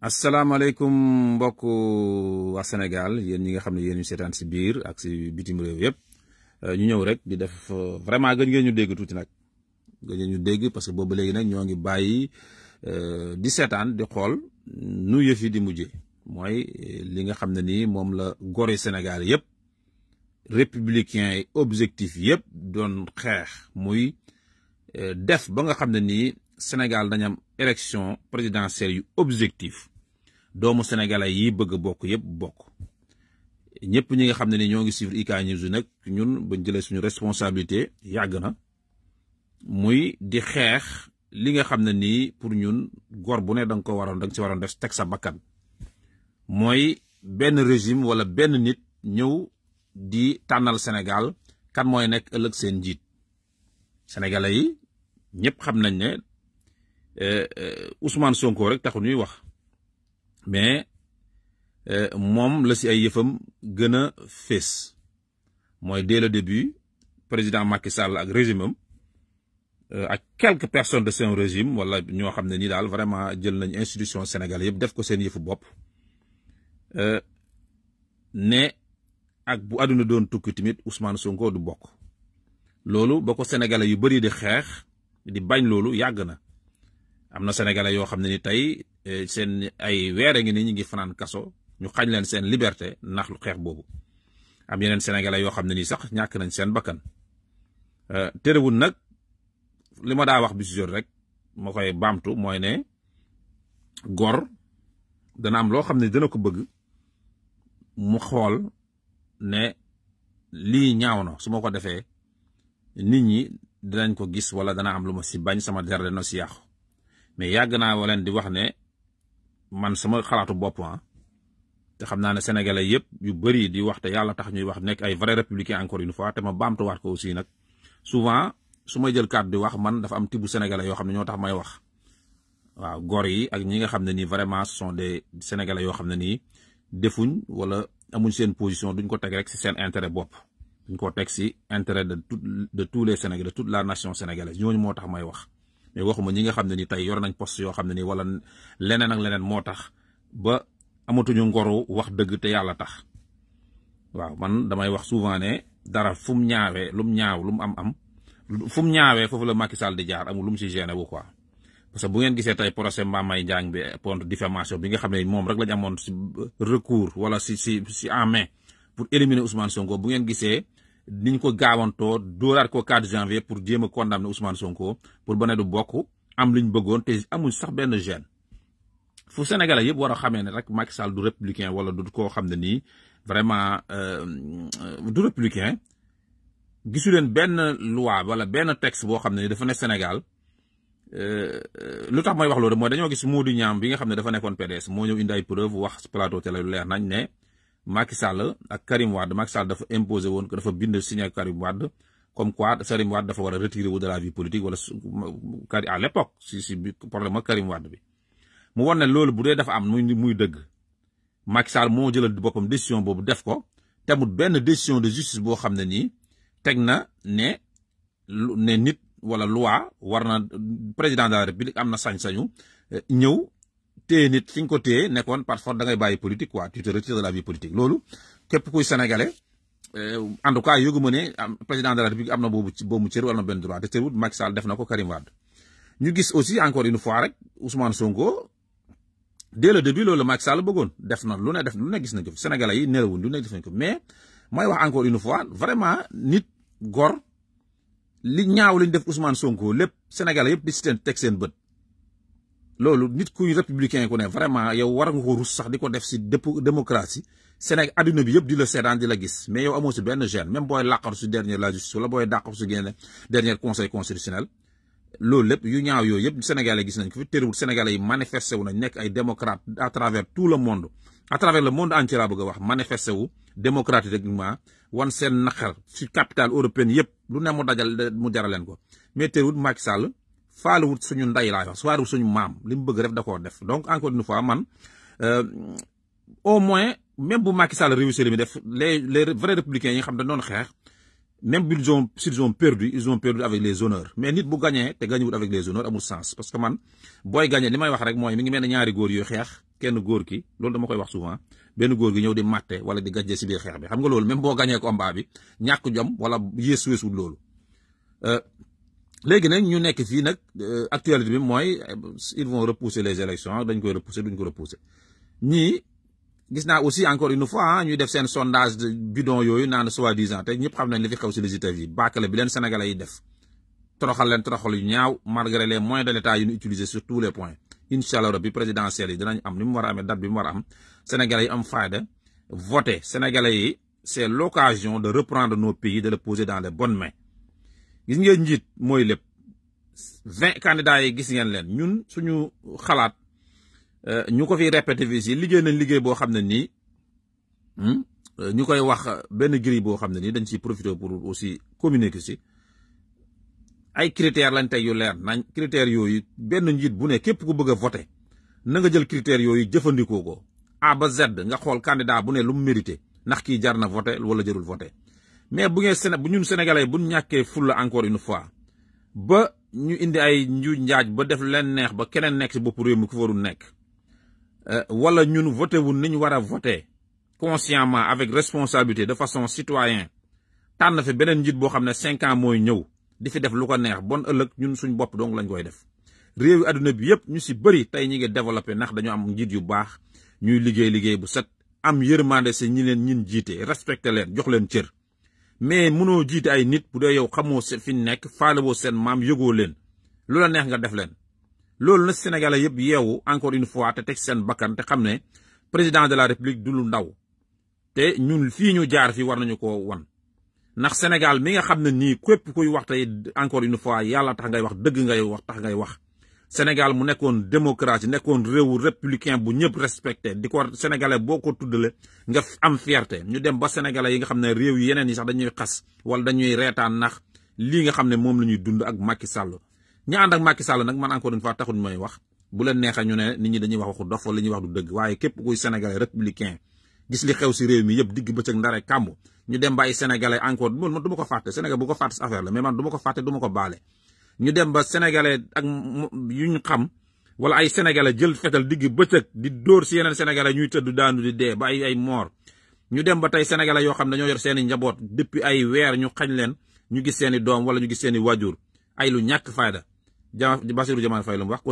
asalaamaaleykum mbokk waa Sénégal yéen ñi nga xam ne yéen ñu seetaan si biir ak si bitim réew yëpp euh, ñu ñëw rek di def vraiment gëj ngeen ñu dégg tuuti nag gëj ñu dégg parce que boobu léegi nag ñoo ngi bàyyi euh, di seetaan di xool nu yëf di mujjee mooy euh, li nga xam ne nii moom la gore Sénégal yëpp républicain yi objectif yëpp doon xeex muy def ba nga xam ne nii Sénégal dañam élection présidentielle yu objectif doomu sénégalais yi bëgg bokk yëpp bokk ñëpp ñi nga xam ne ni ñoo ngi suivre IK News nag ñun bañ jëlee suñu responsabilité yàgg na muy di xeex li nga xam ne nii pour ñun góor bu ne danga ko waroon da ci si waroon def teg sa bakkan mooy benn régime wala benn nit ñëw di tànnal Sénégal kan mooy nekk ëllëg seen njiit sénégalais yi ñëpp xam nañ ne Euh, euh, Ousmane Sonko rek taxu ñuy wax mais euh, moom la si ay yëfam gën a fees mooy dès le début président Macky Sall ak régime ak quelques personnes de son régime wala ñoo xam ne nii daal vraiment jël nañ institution Sénégal yëpp def ko seen yëfu bopp ne ak bu àdduna doon tukki tamit Ousmane Sonko du bokk loolu ba ko sénégalais yu bëri di xeex di bañ loolu yàgg na. am na sénégalais yoo xam ne ni tey eh, seen ay weer a ngi ni ñu ngi fanaan kaso ñu xaañ leen seen liberté ndax lu xeex boobu am yeneen sénégalais yoo xam ne ni sax ñàkk nañ seen bakkan eh, terewul nag li ma daa wax bi si rek ma koy baamtu mooy ne gor dana am loo xam ne dana ko bëgg mu xool ne lii ñaaw na su ma ko defee nit ñi danañ ko gis wala dana am lu ma si bañ sama der dana si yàqu mais yàgg naa wa leen di wax ne man sama xalaatu bopp ah te xam naa ne sénégalais yëpp yu bëri di wax te yàlla tax ñuy wax nekk ay vrai républicain encore une fois te ma baamtuwaat ko aussi nag souvent su may jël kàddu di wax man dafa am tibb sénégalais yoo xam ne ñoo tax may wax waaw góor yi ak ñi nga xam ne nii vraiment ce sont des yoo xam ne nii defuñ wala amuñ seen position duñ ko teg rek si seen intérêt bopp duñ ko teg si intérêt de tout de tous les sénégalais de la nation sénégalaise ñooñu moo tax may wax. mais waxuma ñi nga xam ne ni tey yor nañ poste yoo xam ne ni wala leneen ak leneen moo tax ba amatuñu ngoru wax dëgg te yàlla tax waaw man damay wax souvent ne dara fu mu ñaawee lu mu ñaaw lu mu am am fu mu ñaawee foofu la Macky di jaar amu lu mu si gêné wu parce que bu ngeen gisee tey procès Mbaye Ndiagne bi contre diffamation bi nga xam ne moom rek lañ amoon si recours wala si si si en main pour éliminer Ousmane Sonko bu ngeen gisee. niñ ko gaawantoo dóoraat ko 4 janvier pour jéem a condamner Ousmane Sonko pour ba ne du bokk am luñ bëggoon te amuñ sax benn gêne fu Sénégalais yëpp war a xamee ne rek Macky Sall du républicain wala du koo xam ne nii vraiment euh, du républicain gisu leen benn loi wala benn text boo xam ne ni dafa ne Sénégal euh, euh, lu tax may wax loolu mooy dañoo gis Modou Niang bi nga xam ne dafa nekkoon PDS moo ñëw indi ay wax plateau télé lu leer nañ ne. Macky Sall ak Karim Wade Macky Sall dafa imposé woon dafa bind signé ak Karim Wade comme quoi Karim Wade dafa war a retiré wu de la vie politique wala Karim à l'époque si si problème ak Karim Wade bi mu won ne loolu bu dee dafa am muy muy dëgg Macky Sall moo jëlal boppam décision boobu def ko te amul benn décision de justice boo xam ne nii teg na ne ne nit wala loi war na président de la république am na sañ-sañu euh, ñëw. te nit fi ñu ko téye nekkoon par force da ngay bàyyi politique quoi tu te retires de la vie politique loolu képp kuy sénégalais euh, en tout cas yëgu ma ne président de la république am na boobu ci boobu cër wala na benn droit te cër wut Macky Sall ko Karim Wade ñu gis aussi encore une fois rek Ousmane Sonko dès le début loolu Macky Sall bëggoon def na lu ne def lu ne gis nañ ko sénégalais yi nelawuñ lu ne def nañ ko mais mooy wax encore une fois vraiment nit gor li ñaaw li ñu def Ousmane Sonko lépp sénégalais yëpp di si seen teg seen bët. loolu nit ku républicain ku ne vraiment yow war nga ko sax di ko def si dëpp démocratie Sénégal adduna bi yëpp di la seetaan di la gis mais yow amoo si benn gêne même booy làqar si dernier la justice wala booy dàqar si génne dernier conseil constitutionnel loolu lépp yu ñaaw yooyu yëpp sénégalais gis nañ ko fi terewul sénégalais yi manifesté wu nañ nekk ay démocrate à travers tout le monde à travers le monde entier laa bëgg a wax manifesté wu démocratiquement wan seen naqar si capitale européenne yëpp lu ne mu dajal mu jaraleen ko mais terewul Sall faaluwut suñu ndey laay wax faaluwut suñu maam li mu bëgg def da def donc encore une fois man euh, au moins même bu Macky Sall réussir li mu def les les vrais républicains yi xam da doon xeex même s'ils ont s'ils ont perdu ils ont perdu avec les honneurs mais nit bu gagné te gagné wut avec les honneurs amul sens parce que man booy gagné li may wax rek mooy mi ngi mel ne ñaari góor yooyu xeex kenn góor ki loolu dama koy wax souvent benn góor gi ñëw di màtte wala di gàjje si biir xeex bi xam nga loolu même boo gagné combat bi ñàkk jom wala yées weesul loolu. Euh, léegi nag ñu nekk fii nag euh, actualité bi mooy euh, ils vont repousser les élections dañ koy repousser duñ ko repousser ñii gis naa aussi encore une fois ah, ñuy def seen sondage de bidon yooyu naan soi-disant te ñëpp xam nañ li fi xew si législatives yi bàkkale bi leen sénégalais yi def toroxal leen toroxal yu ñaaw malgré les moyens de l'état yu ñu utiliser sur tous les points incha allah bi présidentielle yi dinañ am ni mu war a amee date bi mu war a am sénégalais yi am fayda voter sénégalais yi c'est l'occasion de reprendre nos pays de le poser dans les bonnes gis ngeen njiit mooy lépp vingt candidats yi gis ngeen leen ñun suñu xalaat euh, ñu ko fi répété fii si liggéey nañ liggéey boo xam ne nii hmm, euh, ñu koy wax benn grille boo xam ne nii dañ ciy profité pour aussi communiquer si ay critères lañ tey yu leen nañ critères yooyu benn njiit bu ne képp ku bëgg a voté na nga jël critères yooyu jëfandikoo ko A ba Z nga xool candidat bu ne lu mu mérité ndax kii jar na voté wala jërul voté mais bu ngeen Séné bu ñun sénégalais bu ñàkkee fulla encore une fois ba ñu indi ay njuuj njaaj ba def leen neex ba keneen nekk si bopp réew mi ku warul nekk euh, wala ñun voté wu ni ñu war a voté avec responsabilité de façon citoyen tànn fi beneen njiit boo xam ne cinq mooy ñëw di fi def lu ko neex bon ëllëg ñun suñ bopp dong lañ koy def. réew yi àdduna bi yëpp ñu si bëri tey ñi ngi développé ndax dañu am njiit yu baax ñuy liggéey liggéey bu set am yërmande si ñi leen ñin jiite respecté leen jox leen cër. mais mënoo jiite ay nit bu dee yow xamoo fi nekk faalewoo seen maam yëgoo leen lu la neex nga def leen. loolu nag Sénégalais yëpp yeewu encore une fois te teg seen bakkan te xam ne président de la république du lu ndaw te ñun fii ñu jaar fii war nañu ko wan. ndax Sénégal mi nga xam ne nii képp kuy wax tey encore une fois yàlla tax ngay wax dëgg ngay wax tax ngay wax Sénégal mu nekkoon démocratie nekkoon réewu républicain bu ñëpp respecté di ko sénégalais boo ko tuddale nga am fierté ñu dem ba sénégalais yi nga xam ne réew yi yeneen yi sax dañuy xas wala dañuy reetaan nax lii nga xam ne moom la ñuy dund ak Macky Sall ñu ànd ak Macky Sall nag man encore une fois taxul may wax bu leen neexee ñu ne nit ñi dañuy wax waxu dof wala ñuy wax du waaye képp kuy sénégalais républicain gis li xew si réew mi yëpp digg bëccëg ndare kàmb ñu dem bàyyi sénégalais encore man du ma ko fàtte Sénégal bu ko fàtte affaire la mais man du ko fàtte du ko baale ñu dem ba sénégalais ak yu ñu xam wala ay sénégalais jël fetal digg bëccëg di dóor si yeneen sénégalais ñuy tëdd daanu di dee ba ay ay moor ñu dem ba tey sénégalais yoo xam ne dañoo yor seeni njaboot depuis ay weer ñu xañ leen ñu gis seen i doom wala ñu gis seen i wajur ay lu ñàkk fayda ja Bassirou Diomaye Faye la mu wax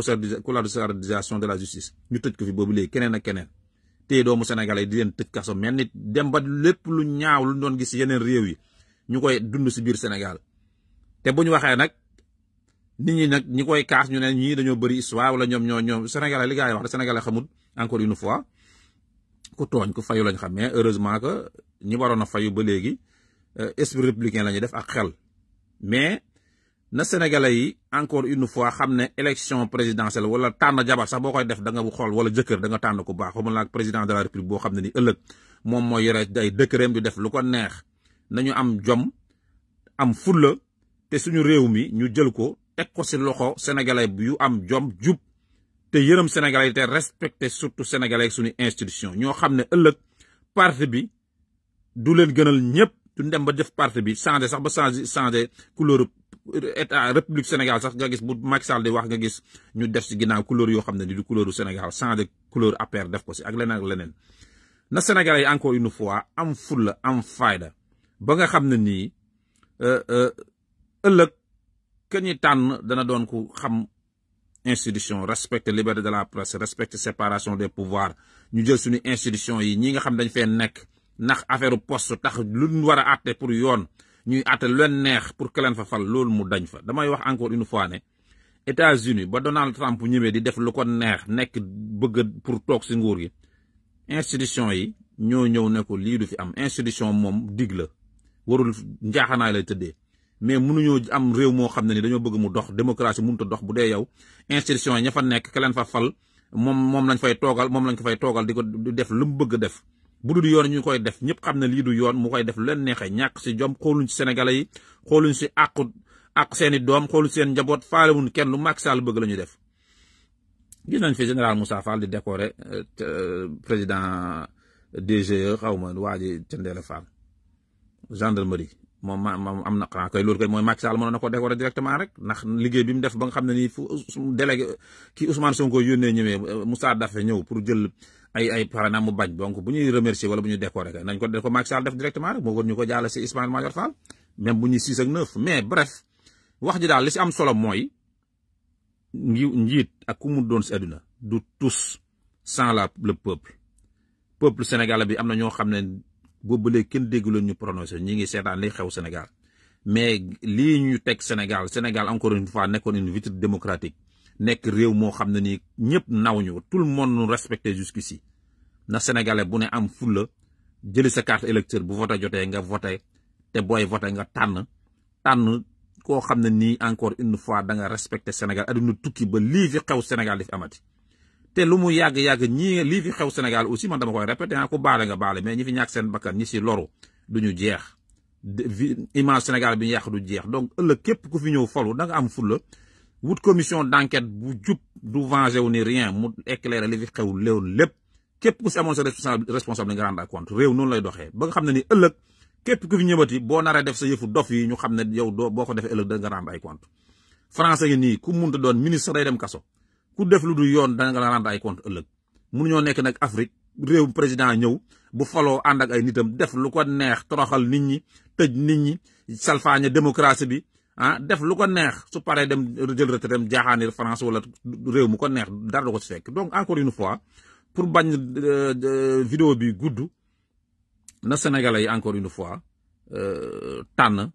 colonisation de la justice ñu tëj ko fi boobu léegi keneen ak keneen tey doomu sénégalais di leen tëj kaso mel nit dem ba lépp lu ñaaw lu doon gis yeneen réew yi ñu koy dund si biir Sénégal te bu ñu waxee nag nit ñi nag ñi koy kaas ñu ne ñii dañoo bari histoire wala ñoom ñoo ñoom sénégalais li gars yi wax de sénégalais xamul encore une fois ku tooñ ku fayu lañ xam mais heureusement que ñi waroon a fayu ba léegi euh, esprit républicain la ñuy def ak xel mais na sénégalais yi encore une fois xam ne élection présidentielle wala tànn jabar sax boo koy def danga nga xool wala jëkkër da nga tànn ku baax xamul nag président de la république boo xam ne ni ëllëg moom mooy yore ay décret di def lu ko neex nañu am jom am fulla suñu réew mi ñu jël ko teg ko si loxo sénégalais yu am jom jub te yërëm sénégalais te respecté surtout sénégalais suñu institution ñoo xam ne ëllëg parti bi du leen gënal ñëpp du dem ba def parti bi changé sax ba changé changé couleur état république Sénégal sax nga gis bu Macky Sall di wax nga gis ñu def si ginnaaw couleur yoo xam ne ni du couleuru Sénégal changé couleur APR def ko si ak leneen ak leneen na sénégalais yi encore une fois am fulla am fayda ba nga xam ne nii euh, euh, ëllëg. que ñi tànn dana doon ku xam institution respecte liberté de la presse respecte séparation des pouvoirs ñu jël suñu institution yi ñi nga xam dañ fee nekk ndax affaire poste tax luñ war a àtte pour yoon ñuy àtte leen neex pour que leen fa fal loolu mu dañ fa damay wax encore une fois ne États-Unis ba Donald Trump ñëwee di def lu ko neex nekk bëgg pour toog si nguur gi institution yi ñoo ñëw ne ko lii du fi am institution moom digg la warul njaaxanaay lay tëddee. mais mënuñoo am réew moo xam ne ni dañoo bëgg mu dox démocratie mënut a dox bu dee yow institution yi ña fa nekk ka leen fa fal moom moom lañ fay toogal moom lañ ko fay toogal di ko def lu mu bëgg def. bu dul yoon ñu koy def ñëpp xam ne lii du yoon mu koy def lu leen neexee ñàkk si jom xooluñ si sénégalais yi xooluñ si àqu àq seen i doom xoolu seen njaboot faalewuñ kenn lu Macky Sall bëgg lañu def. gis nañ fi général Moussa Fall di décorer euh, euh, président DGE xaw ma waa ji Thiendella Fall gendarmerie. moom ma ma am na xanaa kay loolu kay mooy Macky na ko décorer directement rek ndax liggéey bi mu def ba nga xam ne nii fu délégué kii Ousmane Sonko yónnee ñëwee Moussa Daffé ñëw pour jël ay ay parana mu bañ donc bu ñuy remercier wala bu ñu décorer kay nañ ko def ko Macky Sall def directement rek moo gën ñu ko jàll si Ismaïla Madior Fall même bu ñuy six ak neuf mais bref wax ji daal li si am solo mooy njiit ak ku mu doon si àdduna du tous sans la le peuple peuple sénégalais bi am na ñoo xam ne boobu léegi kenn dégguloon ñu prononcé ñi ngi seetaan li xew Sénégal mais lii ñu teg Sénégal Sénégal encore une fois nekkoon une vitrine démocratique nekk réew moo xam ne nii ñëpp naw ñu tout le monde nous respecté si na sénégalais bu ne am fulla jëli sa carte électeur bu vote jotee nga vote te booy vote nga tànn tànn koo xam ne nii encore une fois da nga respecté Sénégal adduna tukki ba lii fi xew Sénégal di fi amati. te lu mu yàgg-yàgg ñii lii fi xew Sénégal aussi man dama koy répété ah ku baale nga baale mais ñi fi ñàkk seen bakkan ñi si loru du ñu jeex image Sénégal bi ñu yàq du jeex donc ëllëg képp ku fi ñëw falu da nga am fulla wut commission d'enquête bu jub du venger wu ni rien mu éclairer li fi xew léew lépp képp ku si amoon sa responsable nga rendre compte noonu lay doxee ba nga xam ne ni ëllëg képp ku fi ñëwati boo naree def sa yëfu dof yi ñu xam ne yow doo boo ko defee ëllëg da nga rendre ay compte français yi nii ku munta doon ministre day dem kaso ku def lu dul yoon dana nga la rendre ay compte ëllëg ñoo nekk nag Afrique réewum président ñëw bu faloo ànd ak ay nitam def lu ko neex toroxal nit ñi tëj nit ñi salfaaña démocratie bi ah def lu ko neex su paree dem jël retraite dem jaaxaanir France wala réew mu ko neex dara du ko si fekk donc encore une fois pour bañ euh, video bi gudd na Sénégalais yi encore une fois euh, tànn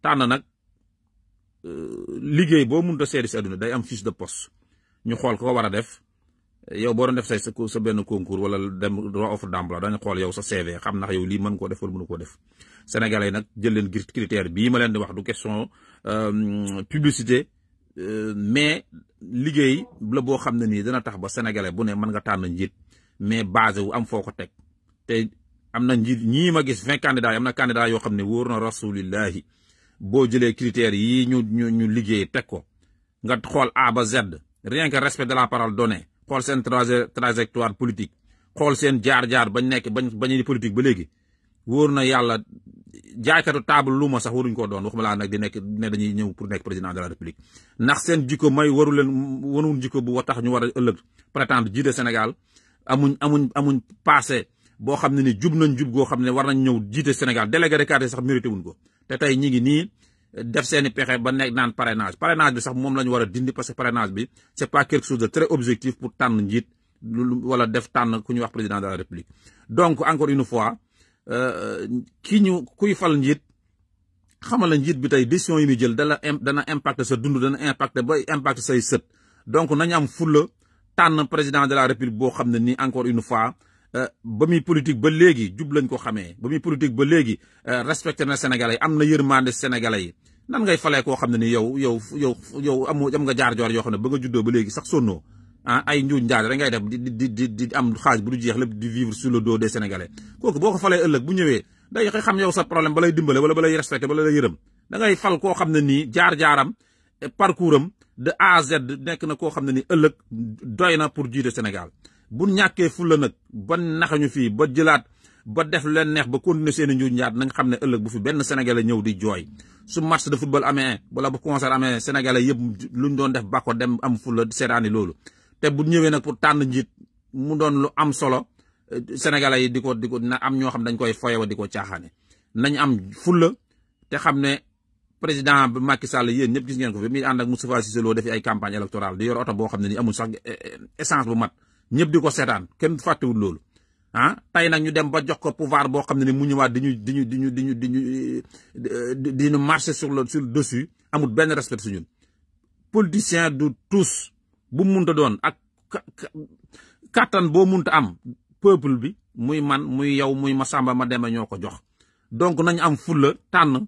tànn nag euh, liggéey boo mënut a seeri si àdduna day am fiche de post ñu xool ko war a def yow boo doon def say sa benn concours wala dem offre d'emploi dañu xool yow sa CV xam na yow lii mën ko def wala mënu ko def sénégalais yi nag jël leen critère bii ma leen di wax du question euh, publicité euh, mais liggéey la boo xam ne nii dana tax ba sénégalais bu ne mën nga tànn njiit mais basé wu am foo ko teg te am na njiit ñii ma gis vingt candidats yi am na candidat yoo xam ne wóor na rasulillahi boo jëlee critères yii ñu ñu ñu liggéey teg ko nga xool A ba rien que respect de la parole donnée xool seen trajectoire politique xool seen jaar-jaar bañ nekk bañ bañu politique ba léegi wóor na yàlla jaaykatu table lu ma sax waruñu koo doon waxuma laa nag di nekk ne dañuy ñëw pour nekk président de la république ndax seen jikko may waru leen wanuñ jikko bu tax ñu war a ëllëg prétendre jiite Sénégal amuñ amuñ amuñ passé boo xam ne ni jub nañ jub goo xam ne war nañ ñëw jiite Sénégal délégué de quartier sax mérité wuñ ko te tey def seeni pexe ba nekk naan parrainage parrainage bi sax moom la ñu war a dindi parce que parrainage bi c' est pas quelque chose de très objectif pour tànn njiit wala def tànn ku ñuy wax président de la république. donc encore une fois euh, ki ñu kuy fal njiit xamal la njiit bi tey décision yi muy jël dala dana impacter sa dund dana impacter ba impacter say sët donc nañu am fulla tànn président de la république boo xam ne nii encore une fois. Euh, ba muy politique ba léegi jub lañ ko xamee ba muy politique ba léegi euh, respecté na Sénégalais yi am na yërmande Sénégalais yi nan ngay falee koo xam ne ni yow yow yow yow amu am nga jaar joor yoo xam ne ba nga juddoo ba léegi sax sonnoo ah ay njuuñ njaaj rek ngay def di di di di am xaaj bu du jeex lépp di vivre sur le dos des Sénégalais kooku boo ko falee ëllëg bu ñëwee day xam yow sa problème ba lay dimbale balay ba lay respecté ba lay yërëm da ngay fal koo xam na nii jaar-jaaram parcours am de A à Z nekk na koo xam ne ni ëllëg doy na pour jiite Sénégal bu ñàkkee fulla nag ba naxañu fii ba jëlaat ba def leen neex ba continuer seen i njuuj njaat nag nga xam ne ëllëg bu fi benn sénégalais ñëw di jooy su match de football amee bala bu concert amee sénégalais lu ñu doon def bako dem am fula seetaani loolu te bu ñëwee nag pour tànn njiit mu doon lu am solo eh, sénégalais yi di ko di ko na am ñoo xam dañ koy foyewa di ko caaxaane nañ am fulla te xam ne président bi Macky Sall yéen ñëpp gis ngeen ko fi muy ànd ak Moustapha Cissé campagne électorale di yor oto boo xam ne ni amul sax eh, eh, essence bu ñëpp di ko seetaan kenn fàttewul loolu ah tey nag ñu dem ba jox ko pouvoir boo xam ne ni mu ñëwaat di ñu di ñu di ñu di ñu di ñu di ñu marché sur le sur le dessus amul benn respect su ñun politicien du tous bu mu munta doon ak kàttan boo munta am peuple bi muy man muy yow muy Masamba ma deme ñoo ko jox donc nañu am fulla tànn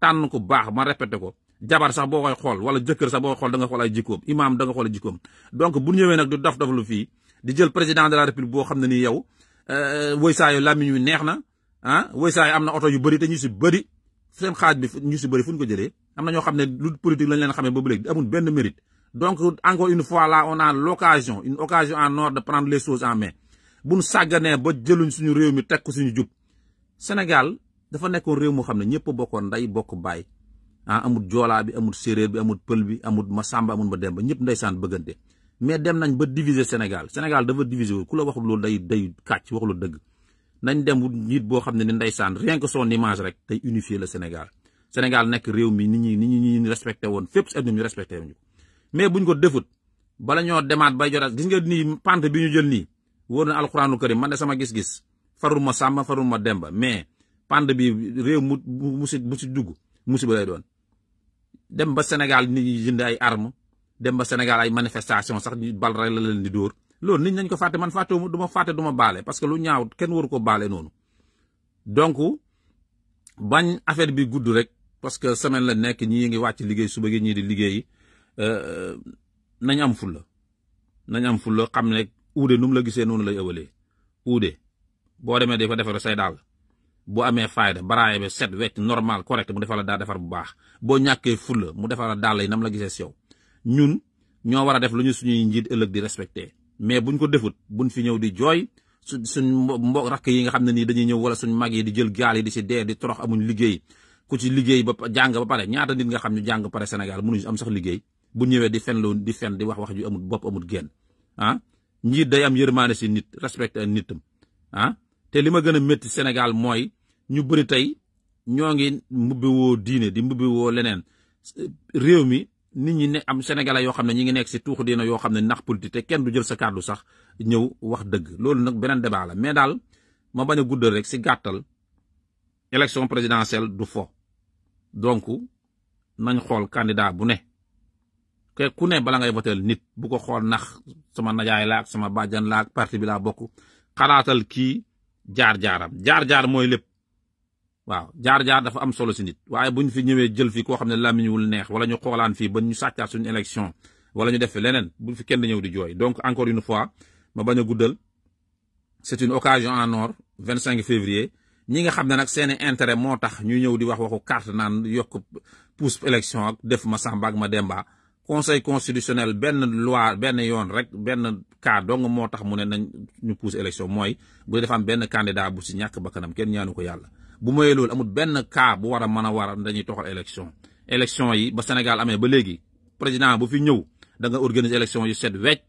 tànn ko baax ma répété ko jabar sax boo koy xool wala jëkkër sax boo koy xool da nga xool ay jikkoom imaam da nga xool ay jikkoom bu ñëwee nag du daf daf fii di jël président de la république boo xam ne ni yow euh, woysaayu làmmiñ wi neex na ah woysaayu am na oto yu bëri te ñu si bëri seen xaaj bi ñu si bëri fu ñu ko jëlee am na ñoo xam ne lu politique lañ leen xamee ba léegi amul benn mérite. donc encore une fois la on a l'occasion une occasion en or de prendre les choses en main bu nu sàgganee ba jëluñ suñu réew mi teg suñu jub Sénégal dafa nekkoon réew moo xam ne ñëpp bokkoon nday bokk baay ah amul joolaa bi amul séeréer bi amul pël bi amul ma sàmba amul ma demba ñëpp ndeysaan bëggante. mais dem nañ ba diviser Sénégal Sénégal dafa diviser wu ku la waxul loolu day day kàcc waxul dëgg nañ dem nit boo xam ne ni ndeysaan rien que son image rek day unifier le Sénégal Sénégal nekk réew mi ni ñi nit ñi ñu respecté woon fépp si àdduna ñu respecté wuñu mais ñu ko defut bala ñoo demaat bay jotaat gis nga nii pante bi ñu jël nii woo na alxuraanu karim man de sama gis-gis farul ma sàmm farul ma demba mais pante bi réew mu mu si mu si dugg musiba doon dem ba Sénégal nit ñi jënd ay dem ba Sénégal ay manifestation sax ñu bal rek la leen di door loolu nit nañ ko fàtte man fàttewuma du ma fàtte du ma baale parce que lu ñaaw kenn waru ko baale noonu donc bañ affaire bi gudd rek parce que semaine la nekk ñii ngi wàcc liggéey suba gi ñii di liggéey euh, nañ am fulla nañ am fulla xam ne uude nu mu la gisee noonu lay ëwalee uude boo demee dafa defar say daal boo amee fayda baraaye bi set wecc normal correct mu defal la daal defar bu baax boo ñàkkee fulla mu defal la daal yi nam la gisee si yow ñun ñoo war a def lu ñu suñuy njiit ëllëg di respecté mais buñ ko defut buñ fi ñëw di jooy su suñ mbokk rakk yi nga xam ne nii dañuy ñëw wala suñ mag yi di jël gaal yi di si dee di torox amuñ liggéey ku ci liggéey ba jàng ba pare ñaata nit nga xam ñu jàng pare Sénégal mënuñu am sax liggéey bu ñëwee di fen lu di fen di wax wax ju amut bopp amut gen ah njiit day am yërmaane si nit respecté nitam ah te li ma gën a metti senegal mooy ñu bëri tey ñoo ngi mbubbi woo diine di mbubbi woo leneen réew mi nit ñi ne am sénégala yoo xam ne ñi ngi nekk si tuux dina yoo xam ne ndax politique te kenn du jël sa kàddu sax ñëw wax dëgg loolu nag beneen débat la mais daal ma bañ a guddal rek si gàttal élection présidentielle du fo donc nañ xool candidat bu ne ke ku ne bala ngay voteel nit bu ko xool nax sama najaay la ak sama bàjjan la ak parti bi laa bokk xalaatal kii jaar-jaaram jaar-jaar mooy lépp waaw jaar-jaar dafa am solo si nit waaye bu ñu fi ñëwee jël fi koo xam ne làmmiñ wul neex wala ñu xoolaan fii ba ñu sàccaat suñu élection wala ñu def fi leneen bu fi kenn ñëw di jooy donc encore une fois ma bañ a guddal c'est une occasion en or 25 février ñi nga xam ne nag seeni intérêt moo tax ñu ñëw di wax waxu carte naan yokk pousse élection def ma Samba ak ma Demba conseil constitutionnel benn loi benn yoon rek benn cas moo tax mu ne nañ ñu pousse élection mooy bu dee benn candidat bu si ñàkk bakkanam kenn ñaanu ko yàlla. bu moyee loolu amut benn kaa bu war a mën a war a dañuy toxal élection élection yi ba Sénégal amee ba léegi président bu fi ñëw da nga organiser élection yu set wecc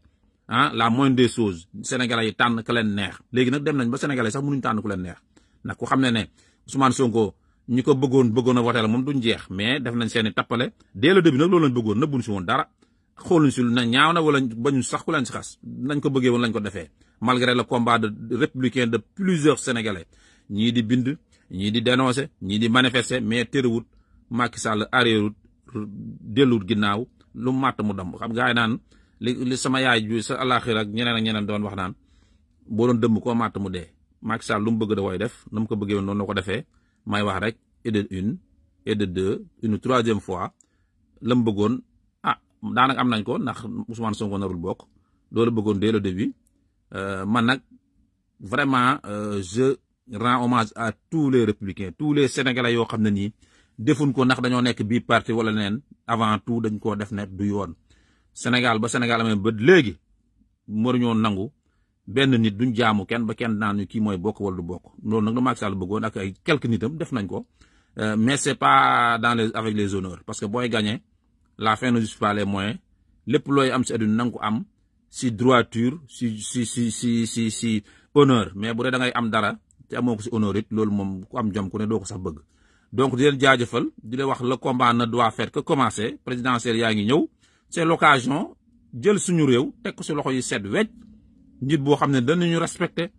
ah la moindre de sos sénégalais yi tànn ka leen neex léegi nag dem nañ ba sénégalais sax mu mënuñ tànn ku leen neex ndax ku xam ne ne Ousmane Sonko ñi ko bëggoon bëggoon a voté moom duñ jeex mais def nañ seen i tappale dès le début nag loolu lañ bëggoon nëbbuñ si woon dara xooluñ si na ñaaw na wala ba sax ku leen si xas nañ ko bëggee woon lañ ko defee malgré le combat de républicain de plusieurs sénégalais ñii di bind ñii di dénoncer ñii di manifester mais terewut maki Sall areerut dellut ginnaaw lu màtt mu damm xam gaa yi naan li sama yaay ju sa àllaaxira ak ñeneen ñeneen doon wax naan boo doon dëmm koo màtt mu dee Macky Sall lu mu bëgg da koy def na mu ko bëggee woon noonu la ko defee may wax rek et de une et de deux une troisième fois lam bëggoon ah daanaka am nañ ko ndax Ousmane Sonko narul bokk loolu bëggoon dès le début euh, man nag vraiment euh, rend hommage à tous les républicains tous les sénégalais yoo xam ne nii defuñ ko ndax dañoo nekk bii parti wala neen avant tout dañ koo def ne du yoon Sénégal ba Sénégal amee ba léegi mënuñoo nangu benn nit duñ jaamu kenn ba kenn naan kii mooy bokk wala du bokk loolu nag la Macky Sall bëggoon ak ay quelques nitam def nañ ko euh, mais c'est pas dans les avec les honneurs parce que booy gagné la fin ne justifie pas les moyens lépp looy am si àdduna na nga am si droiture si si si si si si honneur mais bu dee da am dara. te amoo ko si honneur it loolu moom ku am jom ku ne doo ko sax bëgg donc di leen jaajëfal di leen wax la combat ne doit faire que commencer présidentielle yaa ngi ñëw se locasion jël suñu réew teg si loxo yi sedd wecc njiit boo xam ne danañu dana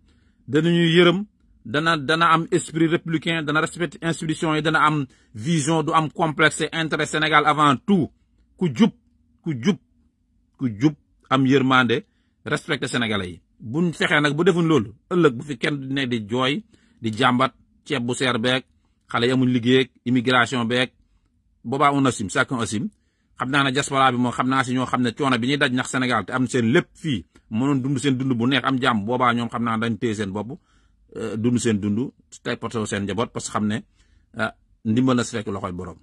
danañu yërëm dana dana am esprit républicain dana respecter institution yi dana am vision du am complexe intérêt Sénégal avant tout ku jub ku jub ku jub am yërmande respecter sénégalais yi. buñ fexe nag bu defuñ loolu ëllëg bu fi kenn du nekk di jooy di jàmbat ceeb bu seer beek xale yi amuñ liggéey immigration beeg boobaa on assume chacun assume xam naa ne diaspora bi moom xam naa si ñoo xam ne coono bi ñuy daj ndax Sénégal te am seen lépp fii mënoon dund seen dund bu neex am jàmm boobaa ñoom xam naa dañ téye seen bopp euh, dund seen dund tey porté seen njaboot parce que xam ne euh, ndimbal na si fekk loxoy borom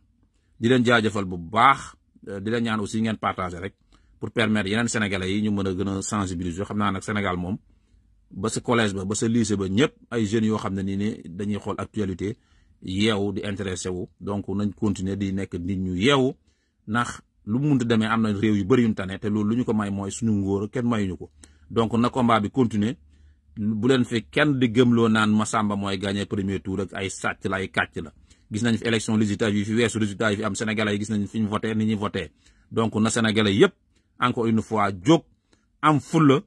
di leen jaajëfal bu baax euh, di leen ñaan aussi ngeen partagé rek. pour permettre yeneen sénégalais yi ñu mën a gën a sensibiliser xam naa nag Sénégal moom ba sa collège ba ba sa lycée ba ñëpp ay jeunes yoo xam ne nii ni dañuy xool actualité yeewu di intéressé wu donc nañ continuer di nekk nit ñu yeewu ndax lu mu munti demee am na réew yu bëri yu tane te loolu lu ñu ko may mooy suñu ngóor kenn mayuñu ko donc na combat bi continuer bu leen fi kenn di gëm loo naan Massamba mooy gagné premier tour ak ay sàcc la ay kàcc la gis nañ fi élection législative yi fi weesu résultat yi fi am sénégalais yi gis nañ fi ñu voté ni ñu voté donc na sénégalais yëpp encore une fois jóg am fulla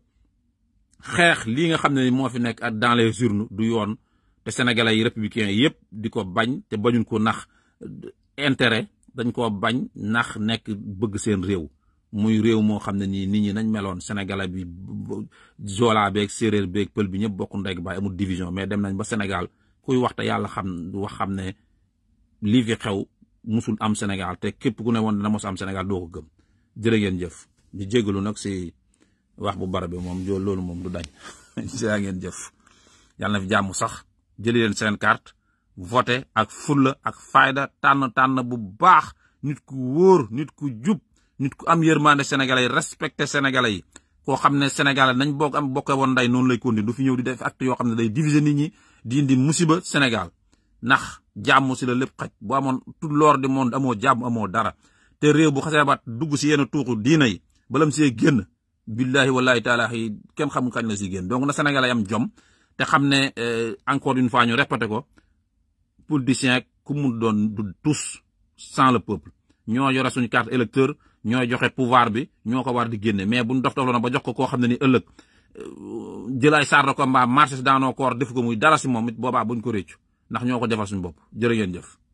xeex lii nga xam ne moo fi nekk ak dans les urnes du yoon te sénégalais yi républicains yëpp di ko bañ te bañuñ ko nax intérêt dañ koo bañ nax nekk bëgg seen réew muy réew moo xam ne nii nit ñi nañ meloon sénégalais bi joolaa beeg séeréer beeg pël bi ñëpp bokk ndeg baay amul division mais dem nañ ba Sénégal kuy wax te yàlla xam wax xam ne lii fi xew musul am Sénégal te képp ku ne woon dana mos am Sénégal doo ko gëm jërë ngeen jëf di jégalu nag si wax bu bara bi moom joo loolu moom du dañ saa ngeen jëf yàlla fi jàmm sax jëli leen seen carte voté ak fulla ak fayda tànn tànn bu baax nit ku wóor nit ku jub nit ku am yërmande sénégalais yi respecté sénégalais yi koo xam ne senegale nañ bokk am bokkee woon nday noonu lay kondi du fi ñëw di def acte yoo xam ne day diviser nit ñi di indi musiba senegal ndax jàmm si la lépp xaj bu amoon tout l'or monde amoo jàmm amoo dara te réew bu xasee ba dugg si yenn tuuxu diina yi balam see génn billahi wallahi taala yi kenn xamul kañ la si génn donc na Sénégal ay am jom te xam ne euh, encore une fois ñu répété ko politicien ku mu doon du tous sans le peuple ñoo yore suñu carte électeur ñoo joxe pouvoir bi ñoo ko war di génne mais bu ñu dof dofloona ba jox ko koo xam ne ni ëllëg euh, jëlaay saar ko mbaa marché daanoo koor def ko muy dara si moom it boobaa buñ ko réccu ndax ñoo ko defal suñu bopp jërë ngeen jëf